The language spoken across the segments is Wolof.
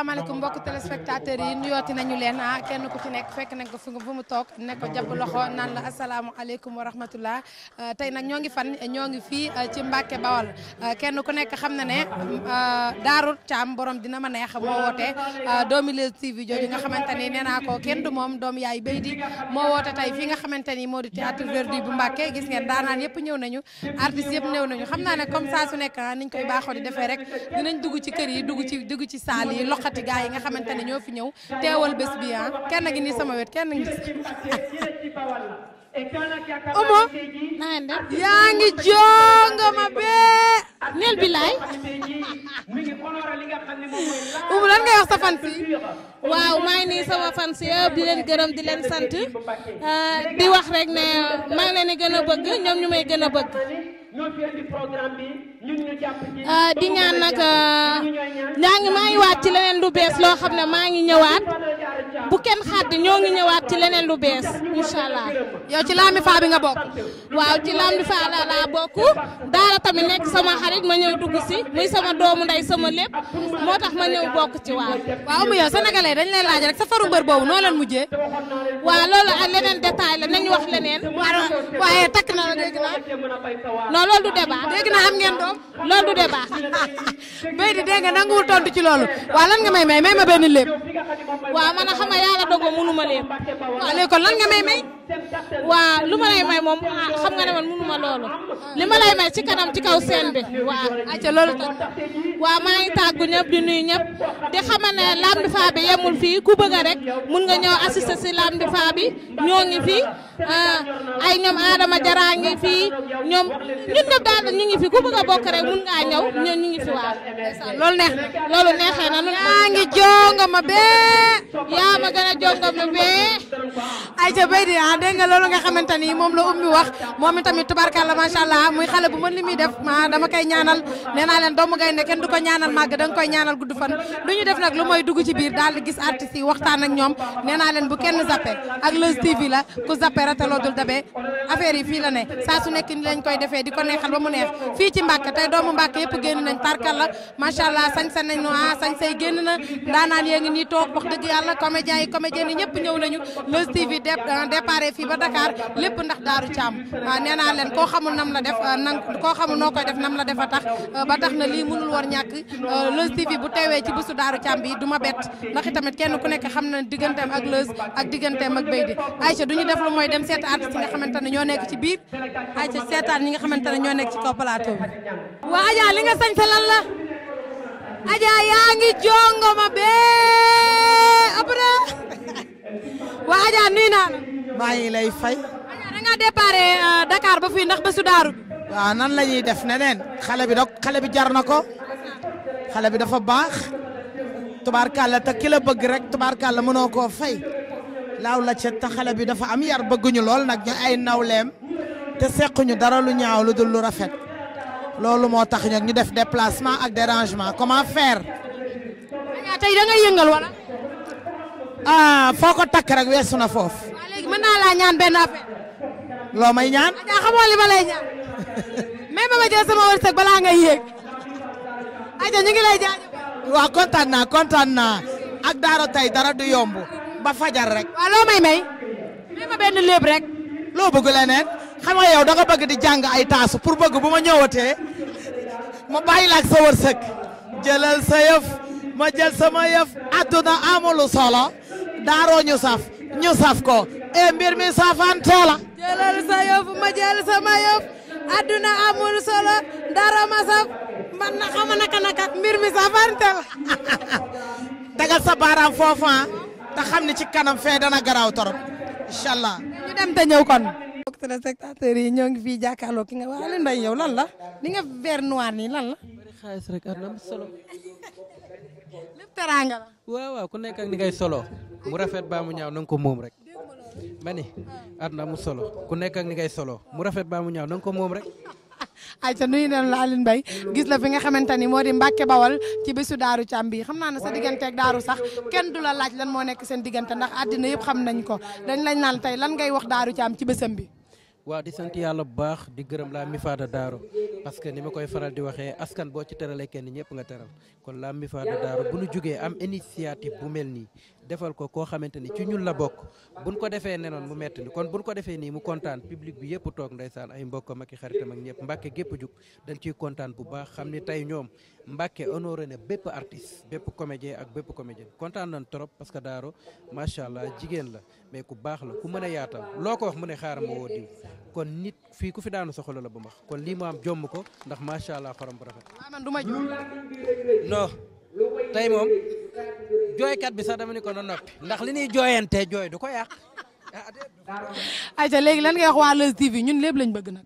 asalaamaaleykum mbokk téléspectateurs yi nuyooti nañu leen ah kenn ku ci nekk fekk nañ ko fi fu mu toog ne ko jàpp loxo naan la asalaamaaleykum wa rahmatullah euh, tey nag ñoo ngi fan ñoo ngi fii euh, ci Mbacke Bawol euh, kenn ku nekk xam na ne Daaru Caam borom dina ma neex moo woote doomi Leuz TV jooju nga xamante ni nee naa ko kenn du moom doom yaay béy di moo woote tey fii nga xamante ni moo di théâtre Verdi bu Mbacke gis ngeen daanaan yëpp ñëw nañu artistes yëpp ñëw nañu xam naa ne comme saa su nekk ah, niñ koy baaxoo di defee rek dinañ dugg ci kër yi dugg ci dugg ci saal yi loxo waxati yi nga xamante ne ñoo fi ñëw teewal bés bi ah kenn ngi nii sama wet kenn ngi Omo naa leen def yaa ngi jonga ma bee. neel bi laay. Oumou lan ngay wax sa fan si. waaw maa ngi nii sama fan si yëpp di leen gërëm di leen sant ah, di wax rek ne maa ngi leen di gën a bëgg ñoom ñu may gën a bëgg. Ah, di ñaan nag ah, ñaa ngi maa ngi waat ci leneen lu bees loo xam ne maa ngi ñëwaat bu kenn xaddi ñoo ngi ñëwaat ci leneen lu bees incha allah. yow ci Lamdi Fall bi nga bokk. waaw ci Lamdi Fall laa bokk daara tamit nekk sama xarit ma ñëw dugg si muy sama doomu ndey sama lépp moo tax ma ñëw bokk ci waaw. waaw mu yow sénégalais dañ lay laaj rek sa faru mbër boobu noo leen mujjee. waaw loolu a leneen détail la nañu wax leneen. waaye takk na a dégg naa. non loolu du débat. dégg naa am ngeen doom. loolu du débat. béy di dégg nga nanguwul tontu ci loolu. waaw waaw man a xam nga yàlla dogo mënuma leen. waaw léegi kon lan nga may may. waaw lu ma lay may moom ah, xam nga ne man mënuma loolu li ma lay may ci kanam ci kaw seen bi waaw acca loolu tam waaw maa ngi tàggu ñëpp di nuyu ñëpp di xamal ne Lamdy bi yemul fii ku bëgg rek mun nga ñëw assister si Lamdy Fall bi ñoo ngi fii ah, ay ñoom Adama Jaraa ngi fii ñoom ñun ñëpp daal ñu ngi fi ku bëgg a bokk rek mun ngaa ñëw ñoo ñu ngi fi waaw loolu neex loolu neexee na nun yaa ngi jonga bee yaa ma gën a jonga bee ay ca bay di ah, dégg nga loolu nga xamante ni moom la ummi wax moom itamit tubarkalla naa leen doomu gaynde kenn du ko ñaanal da nga koy ñaanal gudd fan lu ñu def nag lu mooy dugg ci biir la ku zappe rataloo dul dabe affaire yi di ko neexal ba mu neex fii ci Mbàkke tey ah, génn na daanaan yaa ngi nii toog wax dëgg yàlla comédien yi comédien ñëw nañu Leuz TV ah, départ jógee fii ba Dakar lépp ndax Daaru Thiam ah, nee naa leen koo xamul nam la def ah, nan koo xamul noo koy def nam la defa tax ah, ba tax na lii mënul war ñàkk Leuz TV bu teewee ci bésu Daaru Thiam bi du ma bett ndax itamit kenn ku nekk xam na digganteem ak Leuz ak digganteem ak Beydi Aïcha du ñu def lu mooy dem seet artiste yi nga xamante ne ñoo nekk ci biir Aïcha seetaan ñi nga xamante ne ñoo nekk ci kaw waa Adja li nga sañse lan la Adja yaa ngi jongoma bee après waa Adja maa ngi lay fay. da nga déparé euh, Dakar waaw nan la ñuy def neneen xale bi dok xale bi jar na ko xale bi dafa baax tubaarkàlla te ki la bëgg rek tubaarkàlla mënoo koo fay law la ca te xale bi dafa am yar bëgguñu lool nag ñu ay nawleem te sequñu dara lu ñaaw lu dul lu rafet loolu moo tax ñoom ñu def déplacement ak dérangement comment faire. fooko da ah, takk rek weesu na foofu. mën naa laa ñaan benn appel. loo ma lay ñaan. sama wërsëg balaa ngay yéeg. Adja ñu ngi lay jaajëfal. waaw kontaan naa ak daara tey dara du yomb ba rek. waaw loo may may. may ma benn léeb rek. loo bëgg leneen xam nga yow da bëgg di jàng ay taasu pour bëgg bu ma ñëwatee ma bàyyi la sa wërsëg. jëlal sa yëf ma jël sama yëf adduna amulu solo daaroo ñu saf ñu saf ko e mbir mi safan tela jëlal sa ma jël sama yëf amul solo dara ma saf man na xama naka mbir mi safan tela dagal sa baaraam foofa ah. te ci kanam fee dana garaaw torop incha allah ñu dem te ñëw kon mbokk téléspectateurs yi ñoo ngi fii jàkkaarloo ki nga wax Alioune Mbaye yow lan la li nga verre noir nii lan ku nekk ak ni ngay solo mu rafet baa mu ñaaw na nga ko moom rek ma ni àdduna amul solo ku nekk ak ni ngay solo mu rafet baa mu ñaaw nanga ko moom rek ayca nuyu nañ la Alioune Mbaye gis la fi nga xamante ni moo di Mbàkke Bawal ci bésu Daaru cam bi xam naa ne sa digganteeg Daaru sax kenn du la laaj lan moo nekk seen diggante ndax àddina yëpp xam nañ ko dañ lañ naan tey lan ngay wax Daaru Càm ci bésam bi waa di sant yàlla bu baax di gërëm laa mi faada parce que ni ma koy faral di waxee askan boo ci teralee kenn ñëpp nga teral kon laa mi faada bu nu jógee am initiative bu mel nii defal ko koo xamante ni ci ñun la bokk buñ ko defee nenoon mu metti ni kon buñ ko defee nii mu kontaan public bi yëpp toog ndeysaan ay mbokkam ak i xaritam ak ñëpp Mbàkke gépp jug dañ ciy kontaan bu baax xam ni tey ñoom Mbàkke honoré ne bépp artiste bépp comédien ak bépp comédien kontaan nan trop parce que Daaro macha allah jigéen la mais ku baax la ku mën a yaatal loo ko wax mu ne xaaral ma woo diw kon nit fii ku fi daanu soxla la bu max kon lii mu am jomm ko ndax macha allah xorom bu rafet non jooykat bi sax dama ni na ndax li ñuy jooyantee jooy du ko yàq. ayca léegi lan ngay wax waa TV ñun lépp lañ bëgg nag.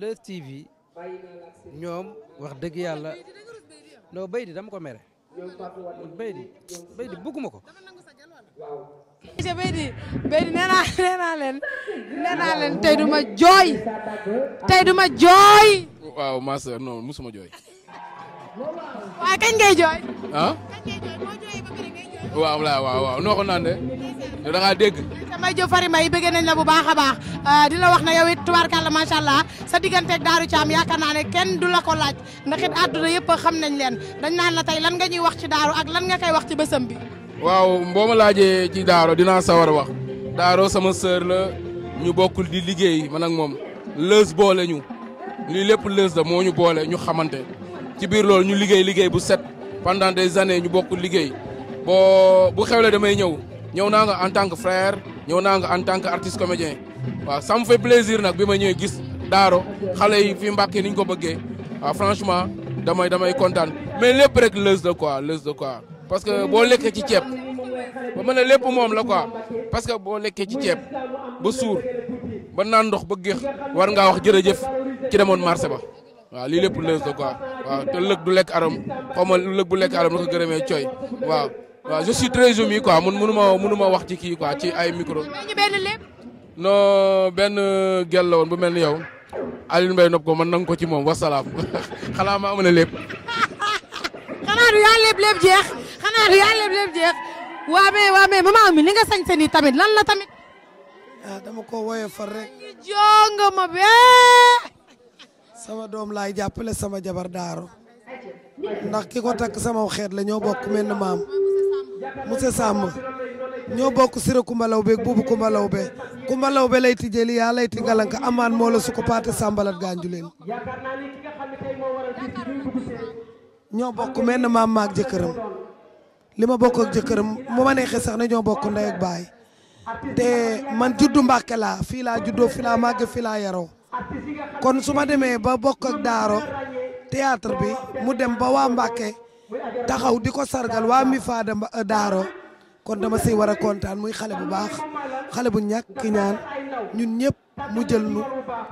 Leuz TV ñoom wax dëgg yàlla non béy di ko mere béy di béy di bëgguma ko. ayca béy di béy di nee naa nee jooy tey duma jooy. waaw ma jooy. waaye kañ ngay jooy. waaw waaw waaw noo ko naan de yow da ngaa dégg. farima yi bëgg nañ la bu baax a baax euh, di la wax na yow it tubaarkàlla macha allah sa digganteeg Daaru Caam yaakaar naa ne kenn du la ko laaj ndax it àdduna yëpp xam nañ leen dañ naan la tey lan nga ñuy wax ci Daaru ak lan nga koy wax ci bésam bi. waaw boo ma laajee ci Daaro dinaa sawar a wax Daaro sama sœur la ñu bokkul di liggéey man ak moom lës boole ñu lii lépp lës da moo ñu boole ñu xamante ci biir loolu ñu liggéey liggéey bu set pendant des années ñu bokkul liggéey. boo bu xewlee damay ñëw ñëw naa nga en tant que frère ñëw naa nga en tant que artiste comédien waaw ça me fait nag bi ma ñëwee gis Daaro xale yi fi Mbàkke ni ñu ko bëggee waaw franchement damay damay kontaan mais lépp rek lës de quoi lës de quoi parce que boo lekkee ci ceeb ba mën a lépp moom la quoi parce que boo lekkee ci ceeb ba suur ba naan ndox ba géex war nga wax jërëjëf ci demoon marché ba waa li lépp lës de quoi waaw te lëg du lekk aram xaw ma lëg bu lekk aram la ko gërëmee cooy waaw waaw je suis très ému quoi mun munuma munuma wax ci kii quoi ci ay micro. non benn gel la woon bu mel ni yow Alioune Mbaye nopp ko man nangu ko ci moom wasalaam xanaa ma amul lépp. xanaa du yaa lépp lépp jeex waa mais waa mais mi li nga sañ seen tamit lan la tamit. Ah, dama ko woyee far rek. jonga ma bee. sama doom laay jàppale sama jabar daaro ndax ki ko takk sama xeet la ñoo bokk mel na maam. monsieur Samb ñoo bokk sira Kumba Lawbe buubu Kumba Lawbe Kumba Lawbe lay tijjee yaa lay ngalanka amaan moo la su ko paate ñoo bokk menn maam maag jëkkëram li ma bokk ak mu ma sax ne ñoo bokk ndey ak baay te man juddu Mbàkke laa fii laa juddoo fii laa màgge fii laa yaroo kon su ma demee ba bokk daaro théâtre bi mu dem ba waa Mbàkke taxaw di ko sargal waa mi faada euh, daaro kon dama si war a kontaan muy xale bu baax xale bu ñàkk ñaan ñun ñëpp mu jël nu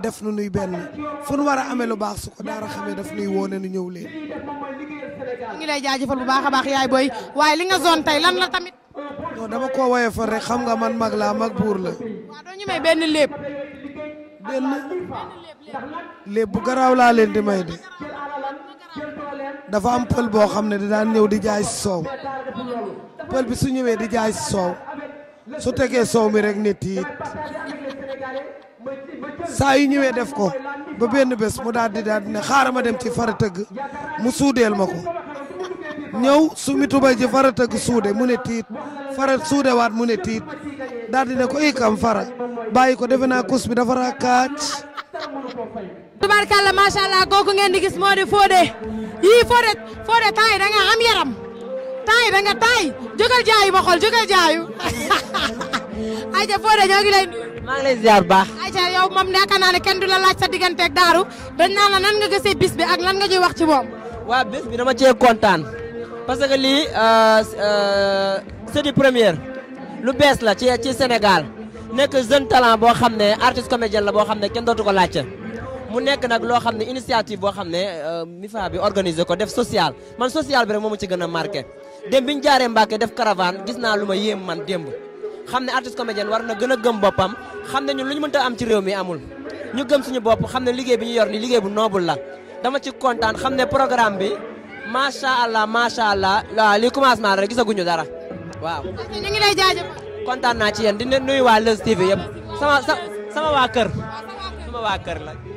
def nu nuy benn fu war a amee lu baax su ko daara xamee daf nuy woone nu ñëw leen. ñu ngi lay yaay booy waaye li nga zone tey lan la tamit. non dama ko woye fa rek xam nga man mag la mag buur la. benn lépp. lépp bu laa leen di may de. dafa am pël boo xam ne daan ñëw di jaay soow pël bi su ñëwee di jaay soow su tegee soow mi rek ne tiit saa yu ñëwee def ko ba benn bés mu daal di daal di ne xaaral ma dem ci fara tëgg mu suudeel ma ko ñëw su mi tubay ji fara tëgg suude mu ne tiit fara suude waat mu ne tiit daal di ne ko i kam fara bàyyi ko defe naa kus bi dafa raakaat tubaarkàlla macha allah kooku ngeen di gis moo di yii Fodé Fodé temps yi da nga am yaram temps yi da nga taay jógal jaayu ba xool jógal jaayu ayca Fodé ñoo ngi lay nuyu. maa ngi lay ziar bu baax. ayca yow moom yaakaar naa ne kenn du la laaj sa digganteeg daaru dañ naan la nan nga gisee bis bi ak lan nga ñuy wax ci moom. waa bis bi dama cee kontaan parce que lii euh, euh, c'est du première lu bees la ci ci Sénégal nekk jeune talent boo xam ne artiste comédien la boo xam ne kenn dootu ko laajte. mu nekk nag loo xam ne initiative boo xam ne euh, MIFA bi organisé ko def social man social bi rek moomu ci gën a marqué bi ñu jaaree Mbàkke def caravane gis naa lu ma yéem man démb xam ne artiste comédien war na gën a gëm boppam xam ne ñu lu ñu mënta am ci réew mi amul ñu gëm suñu bopp xam ne liggéey bi ñu yor ni liggéey bu noble la dama ci kontaan xam ne programme bi macha allah macha allah waaw li commencement rek gisaguñu dara waaw. kontaan naa ci yéen di nuyu waa Leuz TV yëpp sama sama waa kër waa kër la.